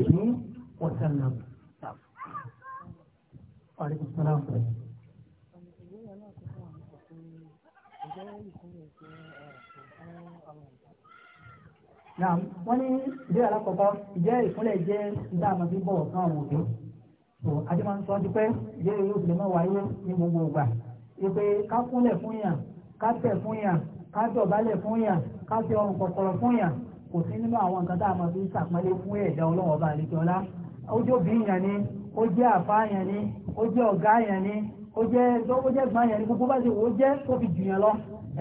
وسلم وعليكم السلام Naam, wọ́n ní ìdí alákọ̀ọ́kọ́ ìjẹ́ ìkúnlẹ̀ jẹ́ ìdáàmú bí bọ̀wọ̀ fún àwọn òbí. So, Adé máa ń sọ ọdún pẹ́, ìjẹ́ yóò fi lè mọ́ wáyé ní gbogbo ìgbà. Ìpè ká kúnlẹ̀ fún yàn, ká tẹ̀ fún yàn, ká dọ̀bálẹ̀ fún yàn, ká fi ọrùn kọ̀kọ̀rọ̀ fún yàn, kò sí nínú àwọn nǹkan tá a máa fi ń sàpọ́nlé fún ẹ̀dá ọlọ́run ọba àlejò ọlá ó jẹ́ òbí yẹn ni ó jẹ́ àfa yẹn ni ó jẹ́ ọ̀gá yẹn ni ó jẹ́ ó jẹ́ gbọ́n yẹn ni gbogbo bá ṣe wò ó jẹ́ tó fi jù yẹn lọ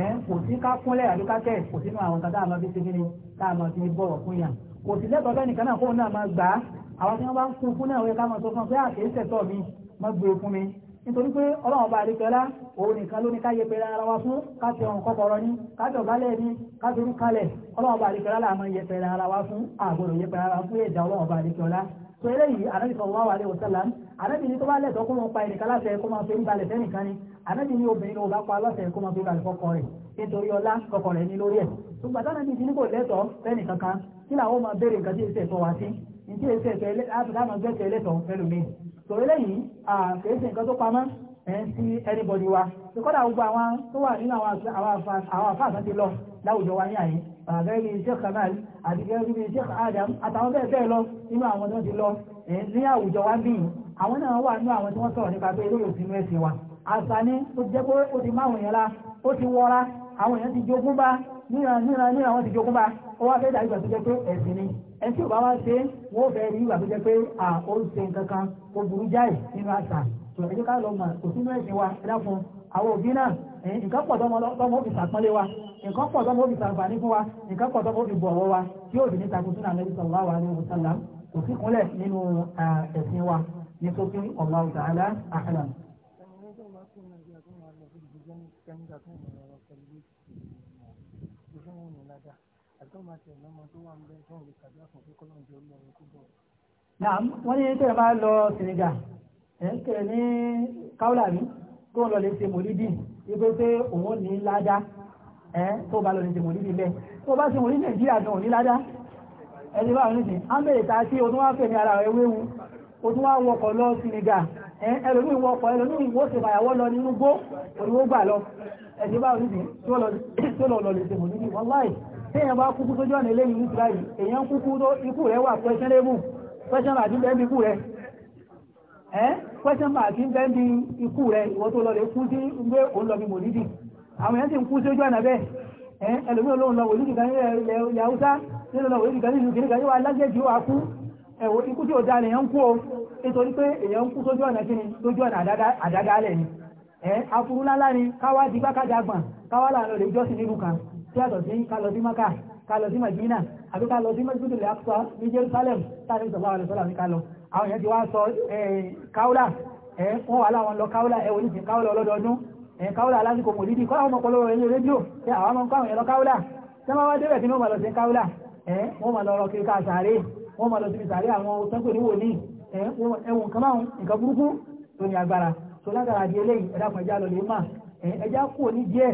ẹ̀ kò sí ká kúnlẹ̀ àbí ká tẹ̀ kò sínú àwọn nǹkan tá a máa fi ṣe kíni tá a máa fi bọ̀rọ̀ fún yàn kò sí lẹ́tọ̀ọ́ bẹ́ẹ̀ nìkan náà kóun náà máa gbà á àwọn tí wọ́n bá ń kú fún náà ó yẹ ká máa sọ fún ọ pé àkèésẹ̀ tọ̀ mi má gbé fún mi nítorí pé ọlọ́run bá àríkẹ́lá òun nìkan ló ní káyé pẹ̀lú ara wa fún káti ọ̀hún kọ́kọ́rọ́ ní káti ọ̀bálẹ̀ ní káti orú kalẹ̀ ọlọ́run bá àríkẹ́lá láàmọ́ yẹ pẹ̀lú ara wa fún àgbọ̀rọ̀ yẹ pẹ̀lú ara fún ẹ̀dá ọlọ́run bá àríkẹ́lá tó eléyìí ànábì sallallahu alaihi wasallam ànábì ní tó bá lẹ́tọ̀ọ́ kó wọn pa ni ànábì ní obìnrin ló bá pa láṣẹ kó máa fi ń balẹ̀ fọkọ rẹ̀ nítorí ọlá kọkọ rẹ̀ ní lórí ẹ̀ tó gbàtà ànábì ti ní kò lẹ́tọ̀ọ́ fẹ́nìkan kan kí làwọn máa so eléyìí àkèéṣe nǹkan tó pamọ́ ẹ̀ ń sí anybody wa tí kọ́dà gbogbo àwọn tó wà nínú àwọn àfáàsán ti lọ láwùjọ wa ní àyè gẹ́gẹ́ bí Sheikh Kamal àti gẹ́gẹ́ bí Sheikh Adam àtàwọn bẹ́ẹ̀ bẹ́ẹ̀ lọ nínú àwọn tó ti lọ ẹ̀ ní àwùjọ wa bí àwọn náà wà nínú àwọn tí wọ́n sọ̀rọ̀ nípa pé eléyìí òsínú ẹ̀sìn wa àṣà ni ó jẹ́ pé ó ti máwùn yẹn la ó ti wọra àwọn èèyàn ti jogún bá níran níran níran wọ́n ti jogún bá ó wá fẹ́ dàgbà tó jẹ́ pé ẹ̀sìn ni ẹtí ò bá wá ṣe wọ́n fẹ́ rí ìwà tó jẹ́ pé à ó ń ṣe nǹkan kan ó burú jáì nínú àṣà tó ẹjọ́ ká lọ mọ̀ kò sínú ẹ̀sìn wa ẹ dákun àwọn òbí náà nǹkan pọ̀ tọ́mọ òfin sàpọ́nlé wa nǹkan pọ̀ tọ́mọ òfin sàǹfààní fún wa nǹkan pọ̀ tọ́mọ òfin bọ̀wọ̀ wa tí yóò di ní takun sínú àmẹ́ríkà wà wà ní òwúsàlá kò sí kúnlẹ̀ nínú ẹ̀sìn wa ní sókè ọ̀la ọ̀tàlá àhàlà. náà wọ́n ní tẹ́lẹ̀ máa lọ sinigá ẹ̀ ń tẹ̀lẹ̀ ní káwọ́là mi kó ń lọ lè ṣe mòlídì wípé pé òun ò ní ládá ẹ̀ tó bá lọ lè ṣe mòlídì bẹ́ẹ̀ tó bá ṣe mòlídì nàìjíríà gan ò ní ládá ẹni bá wọn nìsín á mẹ́rẹ̀ ta sí odún wá fẹ̀ ní ara rẹ̀ wéwu odún wá wọkọ̀ lọ sinigá ẹ̀ ẹlòmí wọkọ̀ ẹlòmí ìwọ́ ṣe fàyàwọ́ lọ nínú gbó òdìwó gbà lọ téèyàn bá kúkú sójú ọ̀nà eléyìí ní tíráyì èèyàn kúkú tó ikú rẹ̀ wà questionable question àti bẹ́ẹ̀ bí ikú rẹ̀ ẹ́ question àti bẹ́ẹ̀ bí ikú rẹ̀ ìwọ́n tó lọ lè kú sí gbé òun lọ bí mòlídì àwọn èèyàn sì ń kú sójú ọ̀nà bẹ́ẹ̀ ẹ́ ẹlòmí olóhùn lọ wòlídì kan ní ilẹ̀ haúsá nínú lọ wòlídì kan ní ìlú kiri kan yóò wá lágbèjì ó wá kú ẹ̀wọ̀ ikú tí ò da lèèyàn ń kú o nítorí pé èèyàn ń kú sójú ọ̀nà kí ni sójú ọ̀nà àdádálẹ̀ ni ẹ́ afurulálá ni káwá digbákàdàgbọ̀n káwá làlọ́ lè jọ́sìn nínú kan tí a sọ sí ká lọ sí maka ká lọ sí madina àbí ká lọ sí masjidul aqsa ní jerusalem tàbí sọ̀rọ̀ àwọn ìṣọ́lá ní ká lọ àwọn èèyàn ti wá sọ káúlà wọ́n wà láwọn lọ káúlà ẹ̀wọ̀n ní káúlà ọlọ́dọọdún káúlà alásìkò mòlídì kọ́ àwọn ọmọkọlọ́wọ́ ẹ̀yìn rédíò tí àwọn ọmọ nǹkan ẹ̀rọ káúlà tí wọ́n wá débẹ̀ kí wọ́n máa lọ sí káúlà wọ́n máa lọ rọ kiri ká sàárè wọ́n máa lọ sí sàárè àwọn tọ́gbò ní wòlíì ẹ̀wọ̀n kan máa nǹkan burúkú tó ní agbára tó látara di eléyìí ẹ̀dá kan ní díẹ̀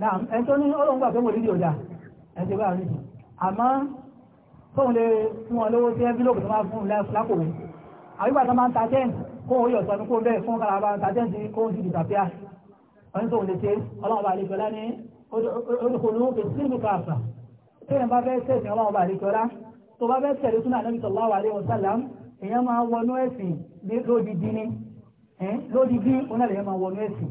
náà ẹni tó ní ọlọ́run gbà pé mo dídì ọjà ẹni tó bá rí jù àmọ́ tóun lè fún wọn lówó sí ẹ́bílòpù tó máa fún lákòwé àwígbà tó máa ń ta tẹ́ǹtì kó o yọ̀ sọ ní kó bẹ́ẹ̀ fún kára bá ń ta tẹ́ǹtì kó o sì dìtàpíà wọ́n tóun lè ṣe ọlọ́run bá lè fẹ́lá ní olùkòlù fèsìlì káàfà tẹ́yìn bá fẹ́ tẹ̀sìn ọlọ́run bá lè fẹ́lá tó bá fẹ́ tẹ̀lé súnà Ànábì sallallahu alaihi wasallam èèyàn máa wọnú ẹ̀sìn lódìdí ní lódìdí onáàlẹ́yìn máa wọnú ẹ̀sìn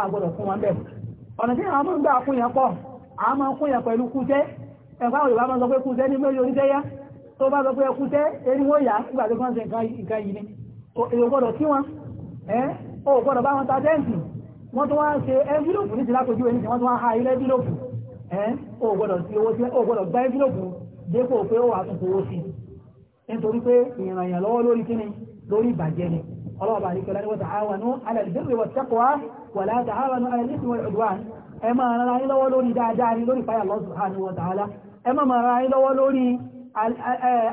àgbọ̀dọ̀ fún wọn bẹ́ẹ̀ ọ̀nà tí àwọn gbà fún yẹn pọ̀ àwọn máa fún yẹn pẹ̀lú kúṣẹ́ ẹ̀fà òyìnbá máa sọ pé kúṣẹ́ ní méjì oníṣẹ́ tó bá sọ pé kúṣẹ́ erin wọ́n yá ni èyí gbọ́dọ̀ ní wọ́n tó wà ní wọ́n wọ́n tẹ́kọ̀ọ́ ولا تعاونوا على الإثم والعدوان أما أنا رأي لو لوري دا جاني لوري فيا الله سبحانه وتعالى أما ما رأي لو لوري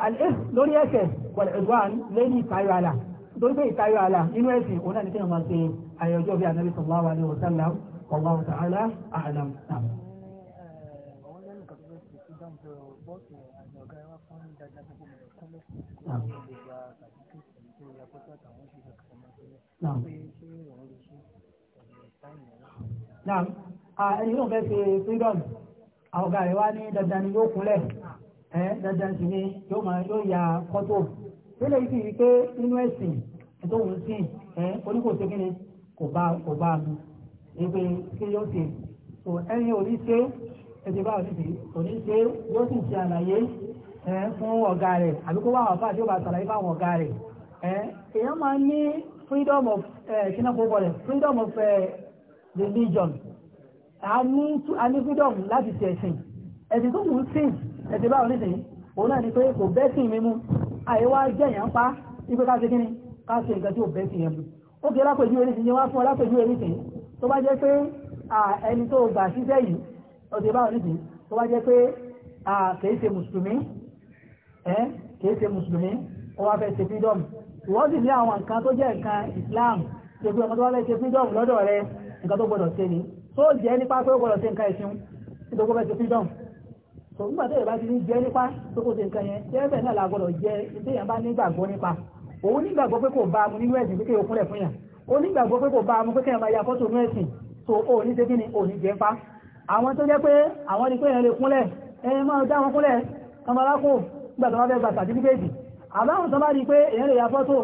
الإثم لوري أكل والعدوان لوري تايو على لوري في تايو على إنو أسي هنا نتين ما سي أيوجو بها النبي صلى الله عليه وسلم والله تعالى أعلم نعم Now. na ẹni yóò fẹ́ ṣe freedom ọ̀gá rẹ̀ ní dandan ni yóò kúnlẹ̀ dandan ni yóò máa yóò ya kọ́tò tẹ́lẹ̀ yìí pé nínú ẹ̀sìn tó ń sìn ẹ oníkòsí kí ni kò bá kò bá ìpè kí yóò ẹni òní ṣe ẹ̀sìn bá òní òní fún ọ̀gá rẹ̀ àbí kó àwọn tí ó bá ṣàlàyé fáwọn ọ̀gá rẹ̀ máa ní religion a ní a ní freedom láti ṣe ẹ̀sìn ẹ̀sìn tó mú sí ẹ̀sìn báwọn nísìn òun náà ni pé kò bẹ́sìn mi mú àìwá jẹ̀yàn pa ipé ká ṣe kí ni ká ṣe nǹkan tí ò bẹ́sìn yẹn mú ó kí lápèjú orí ti ní wá fún lápèjú orí ti tó bá jẹ́ pé ẹni tó gbà síṣẹ́ yìí ọ̀sẹ̀ báwọn nísìn tó bá jẹ́ pé kìí ṣe mùsùlùmí kìí ṣe mùsùlùmí ó wá fẹ́ ṣe freedom ìwọ́n sì ní àwọn nǹkan tó jẹ́ nǹkan Islam ṣe pé ọmọ tó wá fẹ́ ṣe freedom lọ́dọ̀ rẹ̀ nǹkan tó gbọdọ̀ ṣe ni tó jẹ́ nípa pé ó gbọdọ̀ ṣe nǹkan ẹ̀sìn nítorí kó fẹ́ ṣe freedom tó nígbà tó ìbá ti ní jẹ́ nípa tó kó ṣe nǹkan yẹn jẹ́ bẹ́ẹ̀ náà la gbọdọ̀ jẹ́ ilé yẹn bá nígbàgbọ́ nípa òun nígbàgbọ́ pé kò bá mu nínú ẹ̀sìn pé kéèyàn kúnlẹ̀ fún yàn ó nígbàgbọ́ pé kò bá mu pé kéèyàn máa ya fọ́tò nínú ẹ̀sìn tó o ní ṣe kí ni o ní jẹ́ pa àwọn tó jẹ́ pé àwọn ni pé èèyàn lè kúnlẹ̀ ẹ̀yìn máa dá wọn kúnlẹ̀ kọmọlákò nígbà tó wọ́n fẹ́ gba sàtífíkèètì àbáwọn tó bá rí pé èèyàn lè ya fọ́tò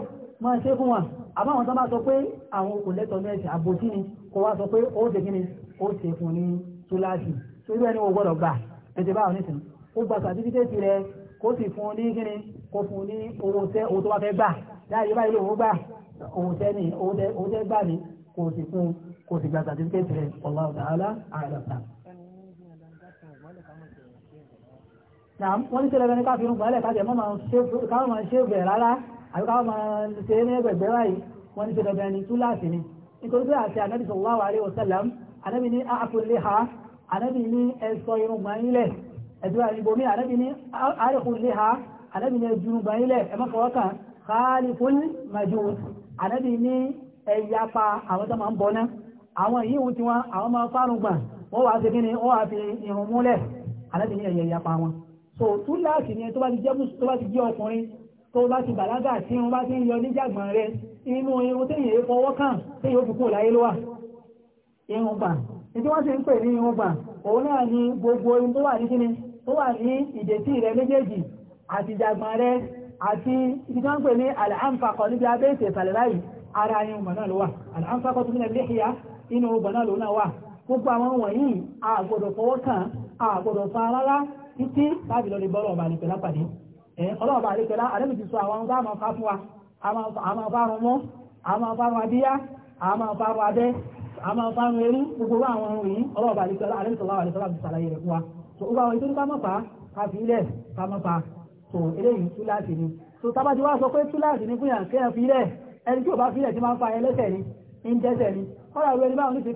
máa ṣe fún wọn àbáwọn sábà sọ pé àwọn kò lẹ́tọ̀ọ́ mẹ́sì àbòsí ni kò wá sọ pé ó ṣe kí ni ó ṣe fún ní túláàsì tó irú ẹni wo gbọ́dọ̀ gbà tètè báwọn nísìn ó gba sàtífíkẹ́tì rẹ kó sì fún ní kí ni kó fún ní owó tẹ owó tó wá fẹ́ gbà láàyè báyìí lòun gbà owó tẹ ní owó tẹ gbà ní kò sì fún kò sì gba sàtífíkẹ́tì rẹ Allahu ta'ala a'lam. wọ́n àbíká wọn máa ṣe ní ẹgbẹ̀gbẹ̀ báyìí wọ́n ní ṣe dandan ní túláàsì ni nítorí pé àti ànábì sallallahu alaihi wasallam ànábì ní àfúnlé ha ànábì ní ẹ̀sọ́ irun gbanyílẹ̀ ẹ̀dúrà ìbomi ànábì ní àríkúnlé ha ànábì ní ẹjú gbanyílẹ̀ ẹ̀mọ́kọ̀ọ́kàn khaliful majus ànábì ní ẹ̀yapa àwọn tó máa ń bọ̀ náà àwọn yìí wù tí wọn àwọn máa fárùn gbà wọ́n wá ṣe kíni wọ́n wá fi irun múlẹ̀ ànábì ní ìyapa wọn so túláàsì ni tó bá ti jẹ́ ọkùnrin tó bá ti bàlágà tí wọ́n bá ti ń yọ níjàgbọ̀n rẹ inú irun téèyàn yé fọwọ́ kàn téèyàn ó fi kúrò láyé ló wà irun gbà ìdí wọ́n ti ń pè ní irun gbà òun náà ni gbogbo irun tó wà ní kíni tó wà ní ìdètí rẹ méjèèjì àti ìjàgbọ̀n rẹ àti ibi tí wọ́n ń pè ní àlàáfàkọ níbi abẹ́ ìtẹ̀ ìsàlẹ̀ báyìí ara irun náà ló wà tó Eh, ọlọ́ọ̀bà àríkẹ́lá àdẹ́mì ti sọ àwọn ọmọ àmà fà fún wa àmà fárun mọ́ àmà fárun adíyá àmà fárun adẹ́ àmà fárun eré gbogbo àwọn ohun yìí ọlọ́ọ̀bà àríkẹ́lá àdẹ́mì sọ̀rọ̀ àríkẹ́lá ti sàlàyé rẹ̀ fún wa so ó bá wọn ìtòrí kámọ́fà káfí ilẹ̀ kámọ́fà so eléyìí túláàsì ni so tábàtí wá sọ pé túláàsì ni fún yàn kẹ́yàn fi ilẹ̀ ẹni tí ò bá fi ilẹ̀ ti máa ń fa ẹlẹ́sẹ̀ ni ń dẹ́sẹ̀ ni kọ́lá ìwé ẹni báwọn ni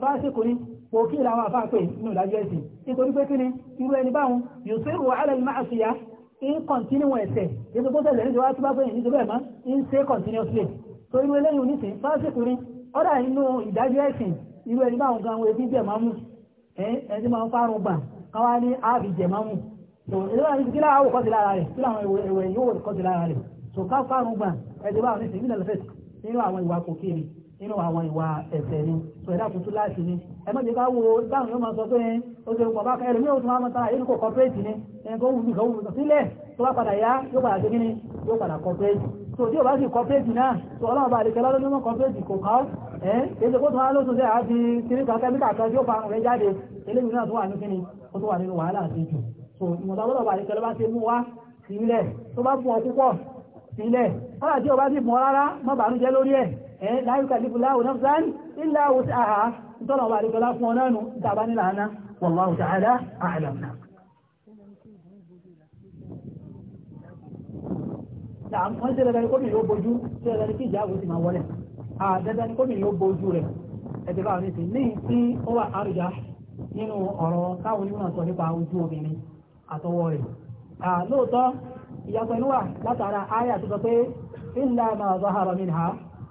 kò kí làwọn àfáà pè nínú ìdájọ́ ni irú ẹni báwọn yóò sí in continue ẹ̀sẹ̀ yẹ́sọ tó tẹ̀lẹ̀ níjọba tó bá gbẹ̀yìn níjọba ẹ̀mọ́ in stay continuously so irú eléyìí onísìn fásitì ní ọ̀dà inú ìdájọ́ ẹ̀sìn irú ẹni báwọn gan ebi jẹ̀ máa mú ẹni máa ń fárun gbà káwá ní áàbì jẹ̀ máa mú so èdè báwọn ibi kí láwọn àwò kọ́sí lára rẹ̀ kí láwọn ìwẹ̀ yóò kọ́sí lára rẹ̀ so ká fárun gbà ẹ̀dẹ̀ báwọn onísìn nílẹ̀ lọ́fẹ̀ẹ́ nínú àwọn ìwà kòkèrè nínú àwọn ìwà ẹ̀ṣẹ̀ ni sọ ẹ̀dá tuntun láti ni ẹ má wo dáhùn yóò máa sọ pé ó ṣe pọ̀ bá ká ẹlòmíì ó tún máa tara yìí kò kọ́pẹ́ẹ̀tì ni ẹnìkan ó wù mí kan sílẹ̀ tó bá padà yá yóò padà ṣe ni yóò padà kọ́pẹ́ẹ̀tì ẹ̀ láyùká lífù láwù náà sáà ilá àwọ̀ sí àhà nítorí àwọn àríkọlá fún ọ náà nù tàbá nílà àná wallahu ta'ala a'lam náà. Dàm wọ́n ṣe dandan kómi yóò bojú ṣe dandan kí ìjà àwòsí máa wọlé. Àdandan kómi yóò bojú rẹ̀ ẹ̀dẹ̀ bá rí sí ní tí ó wà àrùjá nínú ọ̀rọ̀ káwọn onímọ̀ sọ nípa ojú obìnrin àtọwọ́ rẹ̀. Lóòótọ́ ìyàpẹ̀lú látara ayé àti sọ pé illa ma zahara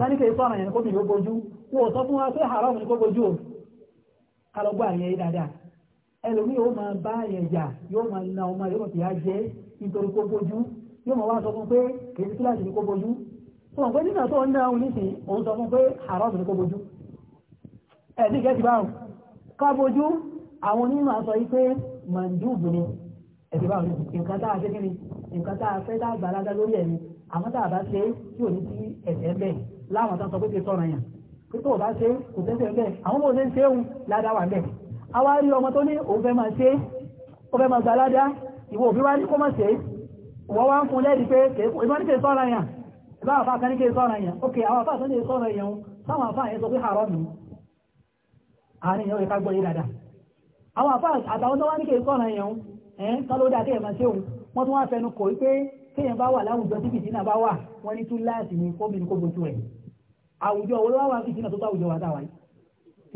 sáníkè ikọ́ àwọn èèyàn kóbìnrin ó bojú wọ́n sọ fún wa pé haram ni kó o kálọ́gbọ́ àyẹ̀ yìí dáadáa yóò máa bá jà yóò na ọmọ yóò nítorí kó bojú yóò máa wá sọ fún pé kíláàsì ni kó bojú tó wọn pé nígbà tó ń dá òun nísìn òun sọ fún pé haram ni kó bojú ẹ̀ẹ́dì kẹ́sì báwọn ká bojú àwọn onímọ̀ sọ yìí pé màndúùbù ni ẹ̀sì báwọn nǹkan tá a kí ni nǹkan tá a fẹ́ tá a lórí ẹ̀mí àmọ́ tá a bá ṣe tí láwọn tó sọ pé kí sọ̀rọ̀ yàn pé tó bá ṣe kò tẹ́sẹ̀ bẹ́ẹ̀ àwọn mọ̀ ṣe ń ṣe òun ládá wà bẹ́ẹ̀ àwa rí ọmọ tó ní òun fẹ́ máa ṣe ó fẹ́ gba ládá ìwọ òbí wá ní kó máa ṣe wọ́n wá ń fún lẹ́ẹ̀dí pé ok àwọn àfà tó ní sọ̀rọ̀ yàn táwọn àfà yẹn sọ pé àárọ̀ mi àárín yẹn ó yẹ ká gbọ́ yé dáadáa àwọn àfà àtàwọn tó wá ní kí sọ̀rọ̀ yàn ẹ̀ wọ́n tún wá fẹnu kò wípé kéèyàn bá wà láwùjọ tí kìtìnà bá wà wọ́n ní túláàsì ní kóbìnrin kó bojú rẹ̀ àwùjọ wo ló wá wà ní ìdínà tó tó àwùjọ wa dáwà yìí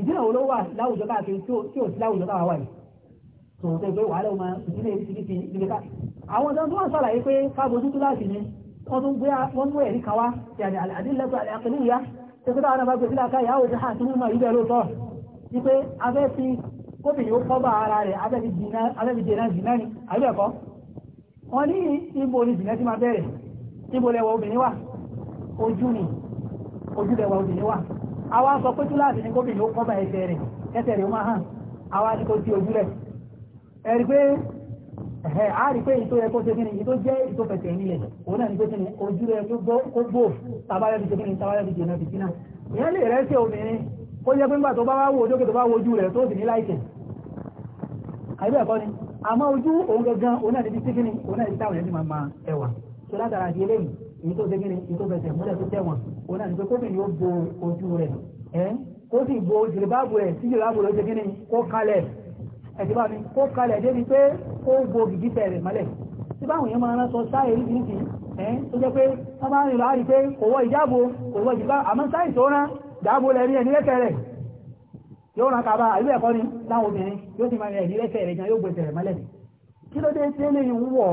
ìdínà wo ló wà láwùjọ káàkiri tí ò sí láwùjọ dáwà yìí tòun tó gbé ọmọ ìdílé ìdílé ìdílé ká àwọn ọ̀dọ́ tó wà sàlàyé pé káàbójú tó láti ní wọ́n mú ẹ̀rí kan wá yàrá àdínlẹ́tọ̀ àkẹlẹ́ ìyá tó kí táwọn ọba gbèsè láàká ìyàwó ti hàn tí wọ́n máa lóòótọ́ ni pé abẹ́ fi gómìnà ó kọ́ bá ara rẹ̀ abẹ́ fi dènà jìnnà ní ibo ojúbẹ̀ wa obìnrin wà àwa sọ pé túláàsì ní gómìnà ó kọ́bà ẹsẹ̀ rẹ̀ ẹsẹ̀ rẹ̀ ó máa hàn àwa ní kò sí ojú rẹ̀ ẹ̀rí pé ẹ̀ á rí pé ìtò yẹ kó ṣe kíni ìtò jẹ́ ìtò fẹ̀sẹ̀ nílẹ̀ òun náà ní pé kíni ojú rẹ̀ tó gbó tàbáyọ̀ fi ṣe kíni tàbáyọ̀ fi jẹ̀nà fi sínà ìyẹn lè rẹ́ sí obìnrin kó jẹ́ pé ńgbà tó bá wá wo ojókè tó bá wo ojú rẹ̀ tó sì ní láìsẹ̀ àìbẹ̀ ẹ̀kọ́ ni àmọ́ ojú òun gangan òun náà ní fi ṣe kíni òun náà ní táwọn ẹni máa ẹwà tó látara di eléyìí èyí tó dégínì èyí tó fẹsẹ̀ múlẹ̀ tó tẹ̀wọ̀n òun náà ní pé kóbìnrin ó bo ojú rẹ̀ ẹ́ ó sì bo jìlìbáàbò rẹ̀ sí jìlìbáàbò rẹ̀ ó dégínì kó kalẹ̀ ẹ̀sìn bá mi kó kalẹ̀ débi pé ó bo gìgí tẹ̀rẹ̀ mọ́lẹ̀ tí báwọn èèyàn máa ń sọ sáà èyí kìí sí ẹ́ tó jẹ́ pé wọ́n máa ń rìn láàrí pé òwò ìjábò òwò ìjìbá àmọ́ sáì tó rán jábò lẹ̀ ní ẹ̀nìlẹ́sẹ̀ rẹ̀ yóò rán kaba àlú ẹ̀kọ́ ni láwọn obìnrin yóò ti máa rìn ẹ̀nìlẹ́sẹ̀ rẹ̀ gan yóò gbẹ̀sẹ̀ rẹ̀ mọ́lẹ̀ kí ló dé tí ó lè wúwọ́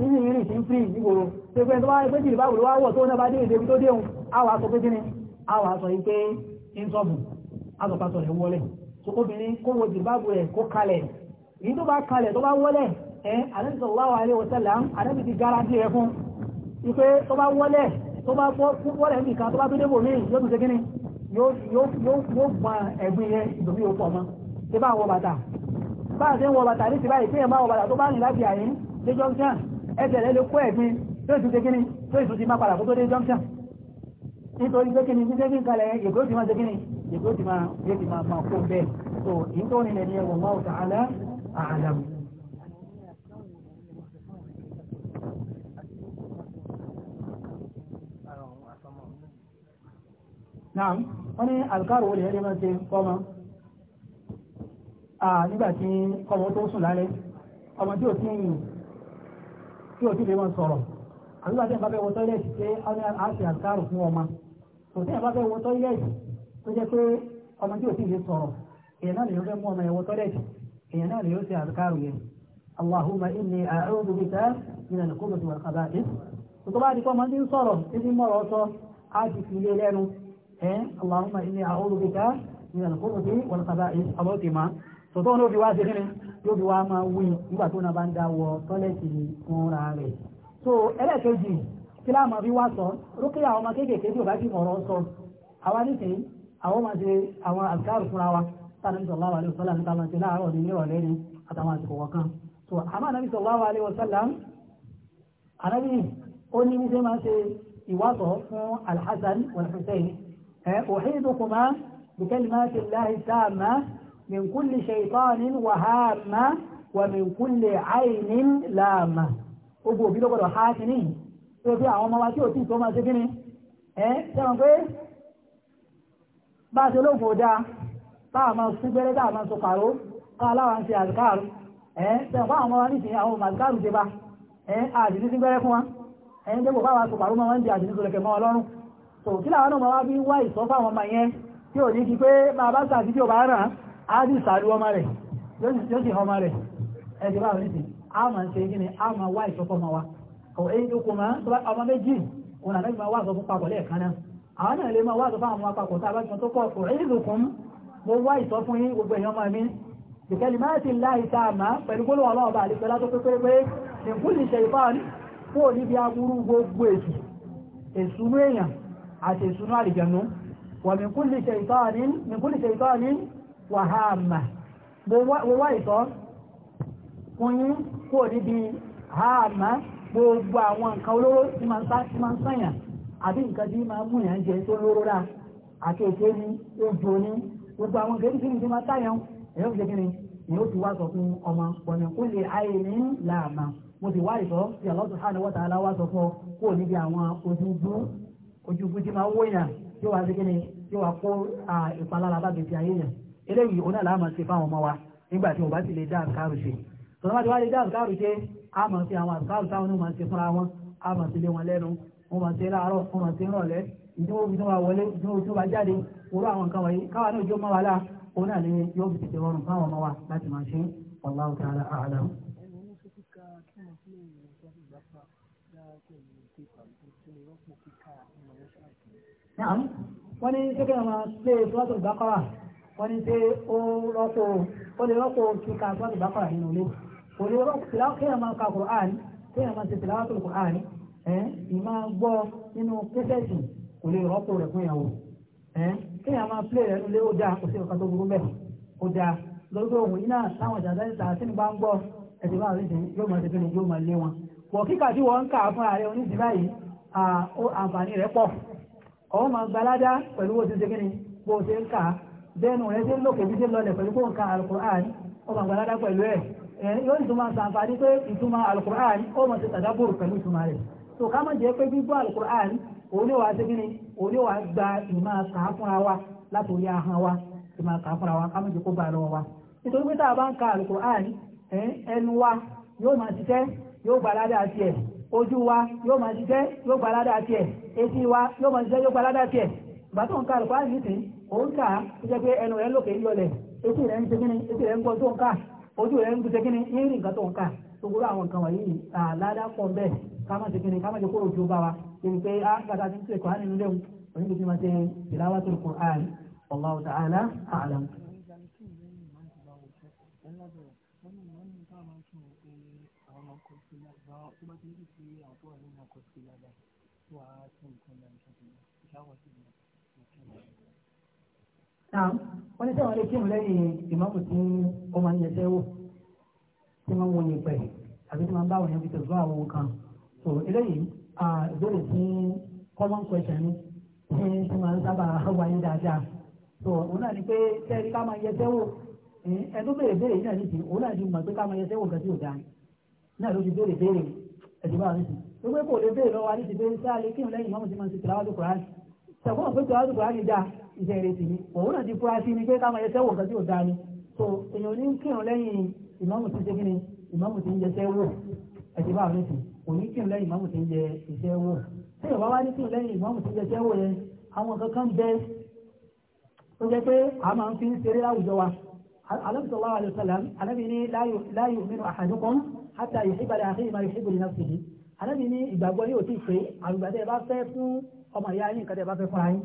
títí ìrìn tí ń fi ìgbòrò tó pẹ́ tó wá pé jìlì báwò wá wọ̀ tó náà bá dé ìdébi tó déhùn àwà sọ pé kí ni àwà sọ ipé ń sọ́bù azọ̀pasọ rẹ̀ wọlé tó obìnrin kó wo jìlì báwò rẹ̀ kó kalẹ̀ èyí tó bá kalẹ̀ tó bá wọlé ẹ Ànábì sallallahu alaihi wasallam Ànábì ti gara dí ẹ fún ipé tó bá wọlé tó bá wọlé nìkan tó bá tó débò mí yóò tún ṣe kí ni yóò gbọn ẹ̀gbin yẹn ìdòmí òpó ọmọ tí bá wọ bàtà bá àti ń wọ bàtà ní ti báyìí tí ẹ̀ máa wọ bàtà tó bá rìn láti àyín lẹ́jọ́ jẹ́ ẹsẹ̀ rẹ̀ ló kó ẹ̀gbin tó ìtúté kíní tó ìtúté má padà kó tó dé junction nítorí pé kíní títí kíní kalẹ̀ èkó ti máa ṣe kíní èkó ti máa yé ti máa máa kó bẹ́ẹ̀ tó yìí tó nílẹ̀ ní ẹwọ̀n wọn ọ̀tà àlá àlàm Naam, wọ́n ní alkaru wo lè rí máa ṣe kọ́mọ nígbàtí ọmọ tó sùn lálẹ́ ọmọ tí ò tí ń yìn kí ojú lè wọ́n sọ̀rọ̀ àdúgbà tí ẹ̀ bá fẹ́ wọ tọ́lẹ̀tì pé ọ́nà àṣẹ àkárò fún ọmọ kò tí ẹ̀ bá fẹ́ wọ tọ́lẹ̀tì tó jẹ́ pé ọmọ tí ò sì lè sọ̀rọ̀ èèyàn náà lè fẹ́ mú ọmọ ẹ̀wọ̀ tọ́lẹ̀tì èèyàn náà lè ṣe àkárò yẹn Allahumma inni a'udhu bika min al-khubuthi wal khaba'ith tó bá di pọ́mọ tí ń sọ̀rọ̀ ó fi wá sí kí yóò fi wá máa wí nígbà tó náà bá ń dáwọ tọ́lẹ̀tì fúnra rẹ̀ so ẹlẹ́ẹ̀kejì kí láàmú bí wá sọ rókè àwọn ọmọ kéékèèké tí ò bá ti mọ̀rọ̀ sọ àwa nìsín àwọn máa ṣe àwọn àbíkárù fúnra wa sáà nàbí sallallahu alaihi wasallam nípa máa ṣe láàárọ̀ ní nírọ̀lẹ́ ni àtàwọn àsìkò kọ̀ọ̀kan so àmọ́ nàbí sallallahu alaihi wasallam ànábì ó ní wípé máa ṣe ìwásọ̀ fún alhassan wal hussein ẹ̀ òhìn ìdókòmá bi kalimati llahi tamma من كل شيطان وهامة ومن كل عين لامة ogun òbí lọ́gbọ́dọ̀ ha kìíní tó bí àwọn ọmọ wa tí ò tí tó máa ṣe kíní ẹ́ sẹ́wọ̀n pé bá ṣe lóògùn ọ̀dá táà máa fún gbẹ́rẹ́ táà máa sọpàró káà láwà ń ṣe àzìkáàrù ẹ́ sẹ́wọ̀n pé àwọn ọmọ wa ní ìsìn àwọn àzìkáàrù ṣe bá ẹ́ àdìsí sí gbẹ́rẹ́ fún wa ẹ́ ń dẹ́gbò báwa sọpàró máa ń di àdìsí tó mọ́ ọlọ́run tó kí làwọn ọmọ wa bí wá ìsọ fáwọn ọmọ yẹn tí ò ní di pé bàbá sàdí tí ò bá ràn án á dì sàárù ọmọ ha yóò a ma ṣe gíní a máa wá ìṣọ́kọ́ ọmọ wa kò èyí tó kò máa ọmọ méjì òun àná ìgbà wá sọ fún papọ̀ lẹ́ẹ̀kan a tó èyí mo wá fún yín gbogbo èèyàn mi ìkẹlì máa ti láì bá pépé pé ìkúlì ṣe wàhámà ha ìtọ́ oyin kúrò níbi háàmà gbogbo àwọn nǹkan olóró tí ma ń sá tí ma àbí nǹkan tí ma ń mú yàn jẹ tó lóró àti èké ní ojú ní gbogbo àwọn nǹkan tí ma ń sàyàn ẹ̀yọ́ fi ni ó ti wá sọ fún ọmọ ọ̀nà kó wa ta'ala sọ fún ọ àwọn tí ma ń tí ó tí ó kó ìpalára bá bèbí ayé eléyìí ọ̀nà làá máa ṣe fáwọn ọmọ wa nígbà tí wọ́n bá ti lè dá àkàrù ṣe tọ́lá bá ti wá lè dá àkàrù ṣe a máa ṣe àwọn àkàrù táwọn ní máa ṣe fúnra wọn a máa ṣe lé wọn lẹ́nu wọ́n máa ṣe láàárọ̀ wọ́n máa ṣe rànlẹ́ ìdíwọ́ ibi tó bá wọlé ìdíwọ́ tó bá jáde orú àwọn nǹkan wọ̀nyí káwa náà jó máa wà lá ọ̀nà ni yóò fi tètè rọrùn fáwọn ọmọ wa láti máa ṣe wọ́n ní kékeré máa ṣe ìfúwátò ìgbàkọ́wà wọ́n ní ó rọ́pò ó lè rọ́pò kíka sọ́ọ̀dì bákàrà nínú ilé kò lè rọ́pò tìláwọ́ kéèyàn máa ka kùrán kéèyàn máa ṣe tìláwọ́ tó kùrán ẹ̀ ìmá gbọ́ nínú kò lè rọ́pò rẹ̀ fún ìyàwó ẹ̀ kéèyàn máa pílẹ̀ rẹ̀ nílé ó dáa kò sí tó burú bẹ́ẹ̀ ó dáa òun iná táwọn bá ń gbọ́ ẹ̀sìn bá yóò máa yóò máa lé wọn. kíkà tí wọ́n ń kà fún ààrẹ oníṣìí báyìí bẹ́ẹ̀nu rẹ̀ ṣe ń lòkè dídé nka pẹ̀lú kó nǹkan alukur'an ọba àgbàládá pẹ̀lú ẹ̀ yóò sì máa sàǹfààní pé ìtumọ̀ alukur'an ó mọ̀ sí tàdábòrò pẹ̀lú ìtumọ̀ rẹ̀ tó ká mọ̀ jẹ́ pé alukur'an òun gba ima wa wa wa ká wa a bá ka alukur'an eh, ẹnu wa yóò máa ṣiṣẹ́ yóò gba ojú wa yóò yóò etí wa yóò yóò ka alukur'an yìí òun kà á tó jẹ́ pé ẹnu rẹ̀ lókè yọlẹ̀ etí rẹ̀ ń ṣe kíni etí rẹ̀ ń gbọ́ tó ń kà ojú rẹ̀ ń ṣe kíni ń rí nǹkan tó ń kà gbogbo àwọn nǹkan wọ̀nyí àládá pọ̀ bẹ́ẹ̀ ká má ṣe kíni ká ṣe bá wa náà wọ́n ní sẹ́wọ̀n lè kí òun lẹ́yìn ìmáàmù tí ó máa ń yẹsẹ́ wò tí àbí tí bá àwọn kan so eléyìí ìbéèrè common question tí sábà wáyé dáadáa so òun náà ni pé ká máa yẹsẹ́ wò yìí náà ní ti òun náà ti mọ̀ pé ká máa yẹsẹ́ wò náà ló ti lè lọ́wọ́ iṣẹ́ eré tèmi òun náà ti kúra sí ni pé káwọn ẹsẹ̀ wò nǹkan tí ò dáa ni so èèyàn ní kírun lẹ́yìn ìmáàmù tí ṣe kíni ìmáàmù tí ń jẹ iṣẹ́ wò ẹ̀sìn bá mi sì kò ní kírun lẹ́yìn ìmáàmù tí ń jẹ iṣẹ́ wò tí ìwà wá ní kírun lẹ́yìn ìmáàmù tí ń jẹ iṣẹ́ wò yẹn àwọn kankan bẹ tó jẹ pé a máa ń fi ń ṣeré láwùjọ wa alábìsọ̀ wa alẹ́ sàlám alábì ní láyò mínú àhàdúkọ́m hátà yuhibbu li akhihi